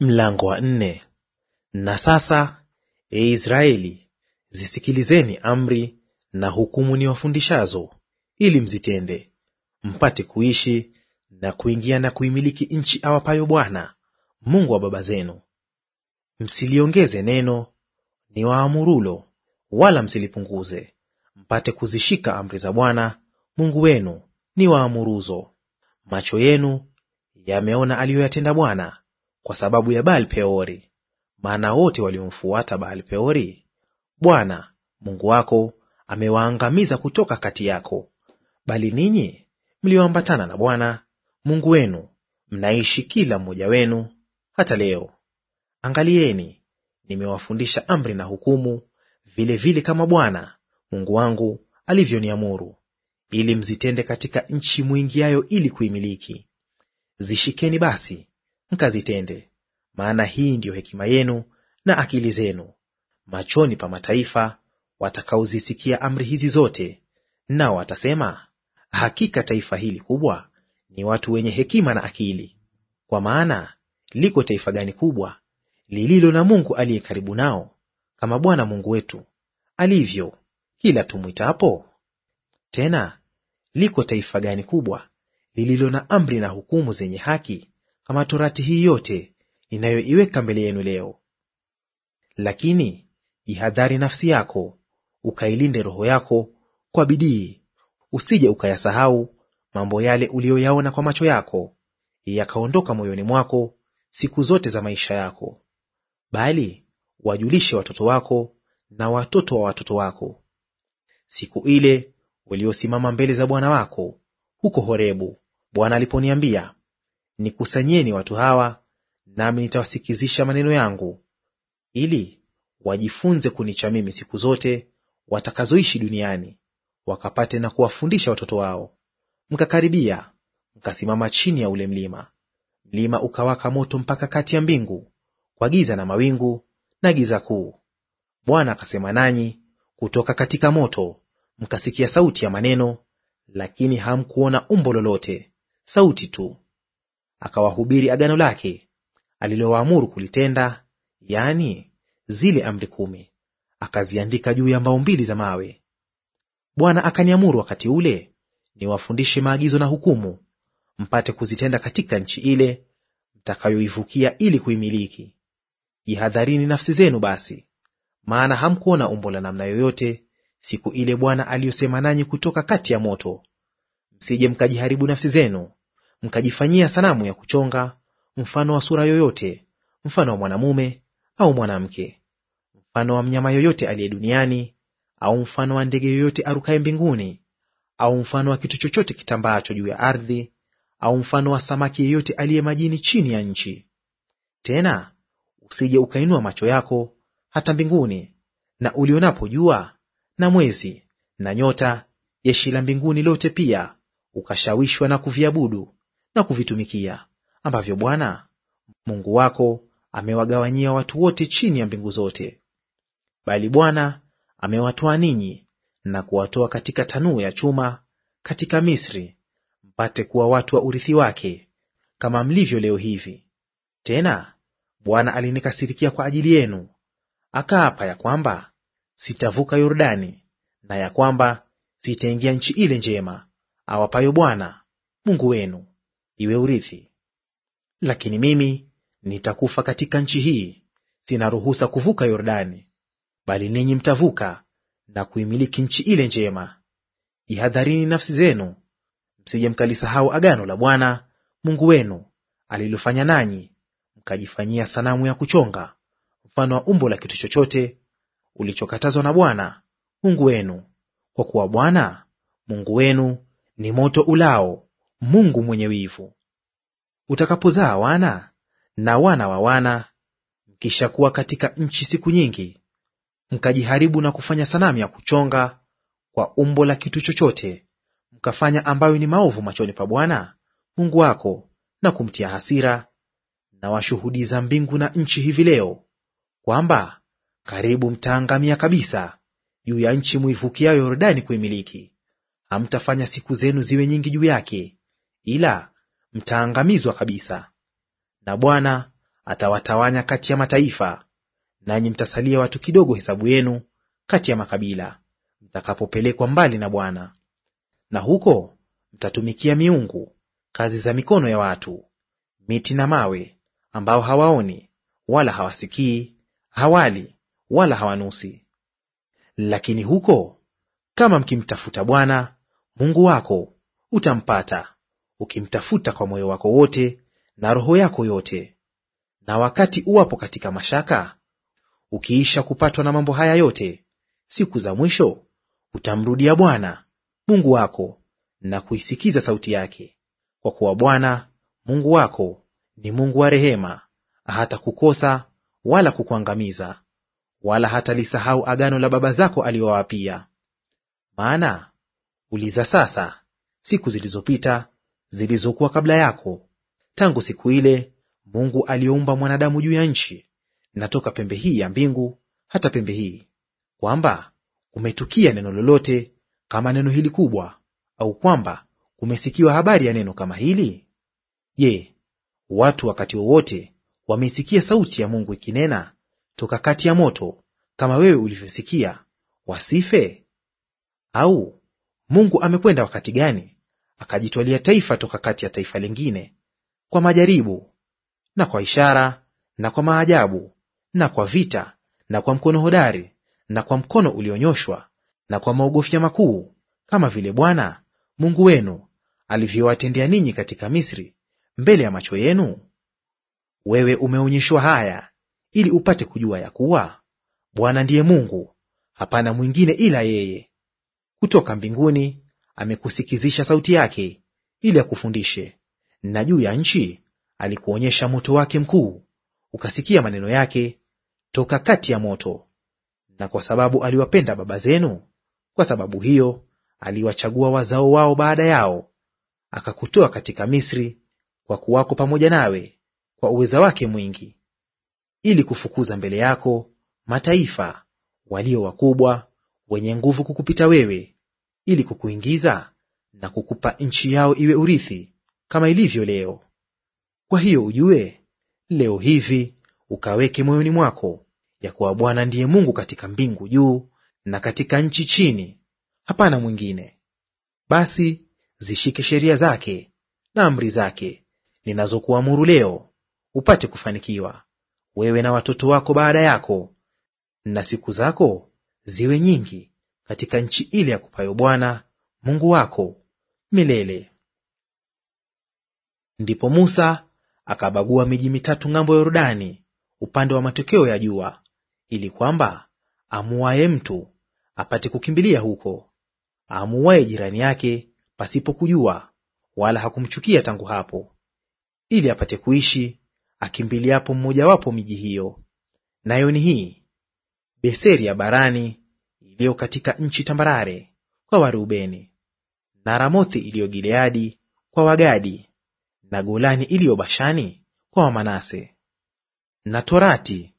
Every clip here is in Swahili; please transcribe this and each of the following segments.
Mlango wa nne. Na sasa, e Israeli, zisikilizeni amri na hukumu ni wafundishazo ili mzitende, mpate kuishi na kuingia na kuimiliki nchi awapayo Bwana Mungu wa baba zenu. Msiliongeze neno ni waamurulo, wala msilipunguze, mpate kuzishika amri za Bwana Mungu wenu ni waamuruzo. Macho yenu yameona aliyoyatenda Bwana kwa sababu ya Baal Peori, maana wote waliomfuata Baal Peori Bwana Mungu wako amewaangamiza kutoka kati yako. Bali ninyi mlioambatana na Bwana Mungu wenu mnaishi kila mmoja wenu hata leo. Angalieni, nimewafundisha amri na hukumu vilevile vile kama Bwana Mungu wangu alivyoniamuru, ili mzitende katika nchi mwingiayo ili kuimiliki. Zishikeni basi mkazitende, maana hii ndiyo hekima yenu na akili zenu machoni pa mataifa watakaozisikia amri hizi zote, nao watasema, hakika taifa hili kubwa ni watu wenye hekima na akili. Kwa maana liko taifa gani kubwa lililo na Mungu aliye karibu nao kama Bwana Mungu wetu alivyo kila tumwitapo? Tena liko taifa gani kubwa lililo na amri na hukumu zenye haki ama torati hii yote inayoiweka mbele yenu leo. Lakini jihadhari nafsi yako, ukailinde roho yako kwa bidii, usije ukayasahau mambo yale uliyoyaona kwa macho yako, yakaondoka moyoni mwako siku zote za maisha yako. Bali wajulishe watoto wako na watoto wa watoto wako, siku ile uliosimama mbele za Bwana wako huko Horebu, Bwana aliponiambia Nikusanyeni watu hawa, nami nitawasikizisha maneno yangu, ili wajifunze kunicha mimi siku zote watakazoishi duniani, wakapate na kuwafundisha watoto wao. Mkakaribia, mkasimama chini ya ule mlima. Mlima ukawaka moto mpaka kati ya mbingu, kwa giza na mawingu na giza kuu. Bwana akasema nanyi kutoka katika moto, mkasikia sauti ya maneno, lakini hamkuona umbo lolote, sauti tu akawahubiri agano lake alilowaamuru kulitenda, yaani zile amri kumi, akaziandika juu ya mbao mbili za mawe. Bwana akaniamuru wakati ule niwafundishe maagizo na hukumu, mpate kuzitenda katika nchi ile mtakayoivukia ili kuimiliki. Jihadharini nafsi zenu basi, maana hamkuona umbo la namna yoyote siku ile Bwana aliyosema nanyi kutoka kati ya moto, msije mkajiharibu nafsi zenu mkajifanyia sanamu ya kuchonga mfano wa sura yoyote, mfano wa mwanamume au mwanamke, mfano wa mnyama yoyote aliye duniani, au mfano wa ndege yoyote arukaye mbinguni, au mfano wa kitu chochote kitambaacho juu ya ardhi, au mfano wa samaki yeyote aliye majini chini ya nchi. Tena usije ukainua macho yako hata mbinguni, na ulionapo jua na mwezi na nyota, jeshi la mbinguni lote pia, ukashawishwa na kuviabudu na kuvitumikia, ambavyo Bwana Mungu wako amewagawanyia watu wote chini ya mbingu zote. Bali Bwana amewatoa ninyi na kuwatoa katika tanuu ya chuma katika Misri, mpate kuwa watu wa urithi wake, kama mlivyo leo hivi. Tena Bwana alinikasirikia kwa ajili yenu, akaapa ya kwamba sitavuka Yordani na ya kwamba sitaingia nchi ile njema awapayo Bwana Mungu wenu iwe urithi. Lakini mimi nitakufa katika nchi hii, sina ruhusa kuvuka Yordani, bali ninyi mtavuka na kuimiliki nchi ile njema. Jihadharini nafsi zenu, msije mkalisahau agano la Bwana Mungu wenu alilofanya nanyi, mkajifanyia sanamu ya kuchonga mfano wa umbo la kitu chochote ulichokatazwa na Bwana Mungu wenu, kwa kuwa Bwana Mungu wenu ni moto ulao Mungu mwenye wivu. Utakapozaa wana na wana wa wana, mkishakuwa katika nchi siku nyingi, mkajiharibu na kufanya sanamu ya kuchonga kwa umbo la kitu chochote, mkafanya ambayo ni maovu machoni pa Bwana Mungu wako na kumtia hasira, na washuhudi za mbingu na nchi hivi leo kwamba karibu mtaangamia kabisa juu ya nchi muivukiayo Yordani kuimiliki. Hamtafanya siku zenu ziwe nyingi juu yake, ila mtaangamizwa kabisa. Na Bwana atawatawanya kati ya mataifa, nanyi mtasalia watu kidogo hesabu yenu kati ya makabila, mtakapopelekwa mbali na Bwana. Na huko mtatumikia miungu, kazi za mikono ya watu, miti na mawe, ambao hawaoni wala hawasikii, hawali wala hawanusi. Lakini huko kama mkimtafuta Bwana Mungu wako, utampata ukimtafuta kwa moyo wako wote na roho yako yote. Na wakati uwapo katika mashaka, ukiisha kupatwa na mambo haya yote, siku za mwisho utamrudia Bwana Mungu wako na kuisikiza sauti yake, kwa kuwa Bwana Mungu wako ni Mungu wa rehema, hata kukosa wala kukuangamiza, wala hatalisahau agano la baba zako aliyowapia. Maana uliza sasa siku zilizopita zilizokuwa kabla yako, tangu siku ile Mungu aliyoumba mwanadamu juu ya nchi, na toka pembe hii ya mbingu hata pembe hii, kwamba umetukia neno lolote kama neno hili kubwa, au kwamba umesikiwa habari ya neno kama hili? Je, watu wakati wowote wameisikia sauti ya Mungu ikinena toka kati ya moto kama wewe ulivyosikia, wasife? Au Mungu amekwenda wakati gani akajitwalia taifa toka kati ya taifa lingine kwa majaribu na kwa ishara na kwa maajabu na kwa vita na kwa mkono hodari na kwa mkono ulionyoshwa na kwa maogofya makuu, kama vile Bwana Mungu wenu alivyowatendea ninyi katika Misri mbele ya macho yenu? Wewe umeonyeshwa haya ili upate kujua ya kuwa Bwana ndiye Mungu, hapana mwingine ila yeye. Kutoka mbinguni amekusikizisha sauti yake ili akufundishe, na juu ya nchi alikuonyesha moto wake mkuu, ukasikia maneno yake toka kati ya moto. Na kwa sababu aliwapenda baba zenu, kwa sababu hiyo aliwachagua wazao wao baada yao, akakutoa katika Misri kwa kuwako pamoja nawe kwa uweza wake mwingi, ili kufukuza mbele yako mataifa walio wakubwa wenye nguvu kukupita wewe, ili kukuingiza na kukupa nchi yao iwe urithi kama ilivyo leo. Kwa hiyo ujue leo hivi ukaweke moyoni mwako ya kuwa Bwana ndiye Mungu katika mbingu juu na katika nchi chini, hapana mwingine. Basi zishike sheria zake na amri zake ninazokuamuru leo, upate kufanikiwa wewe na watoto wako baada yako, na siku zako ziwe nyingi katika nchi ile kupayo Bwana Mungu wako milele. Ndipo Musa akabagua miji mitatu ng'ambo ya Yordani upande wa matokeo ya jua, ili kwamba amuaye mtu apate kukimbilia huko, amuaye jirani yake pasipo kujua, wala hakumchukia tangu hapo, ili apate kuishi akimbiliapo mmojawapo miji hiyo. Nayo ni hii Beseri ya barani iliyo katika nchi tambarare kwa Warubeni, na Ramothi iliyo Gileadi kwa Wagadi, na Golani iliyo Bashani kwa Wamanase. Na Torati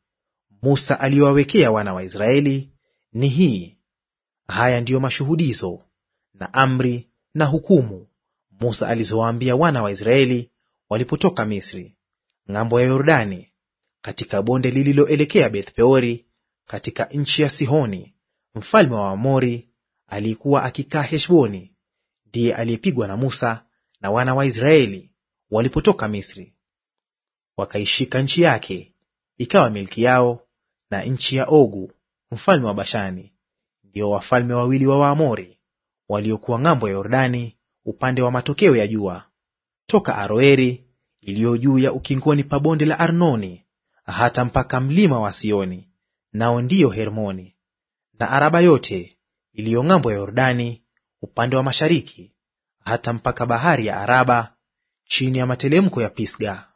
Musa aliyowawekea wana wa Israeli ni hii. Haya ndiyo mashuhudizo na amri na hukumu Musa alizowaambia wana wa Israeli walipotoka Misri, ng'ambo ya Yordani, katika bonde lililoelekea Beth Peori, katika nchi ya Sihoni Mfalme wa Waamori aliyekuwa akikaa Heshboni ndiye aliyepigwa na Musa na wana wa Israeli walipotoka Misri. Wakaishika nchi yake ikawa milki yao, na nchi ya Ogu mfalme wa Bashani, ndio wafalme wawili wa Waamori waliokuwa ng'ambo ya Yordani upande wa matokeo ya jua, toka Aroeri iliyo juu ya ukingoni pa bonde la Arnoni hata mpaka mlima wa Sioni, nao ndiyo Hermoni na Araba yote iliyo ng'ambo ya Yordani upande wa mashariki hata mpaka bahari ya Araba chini ya matelemko ya Pisga.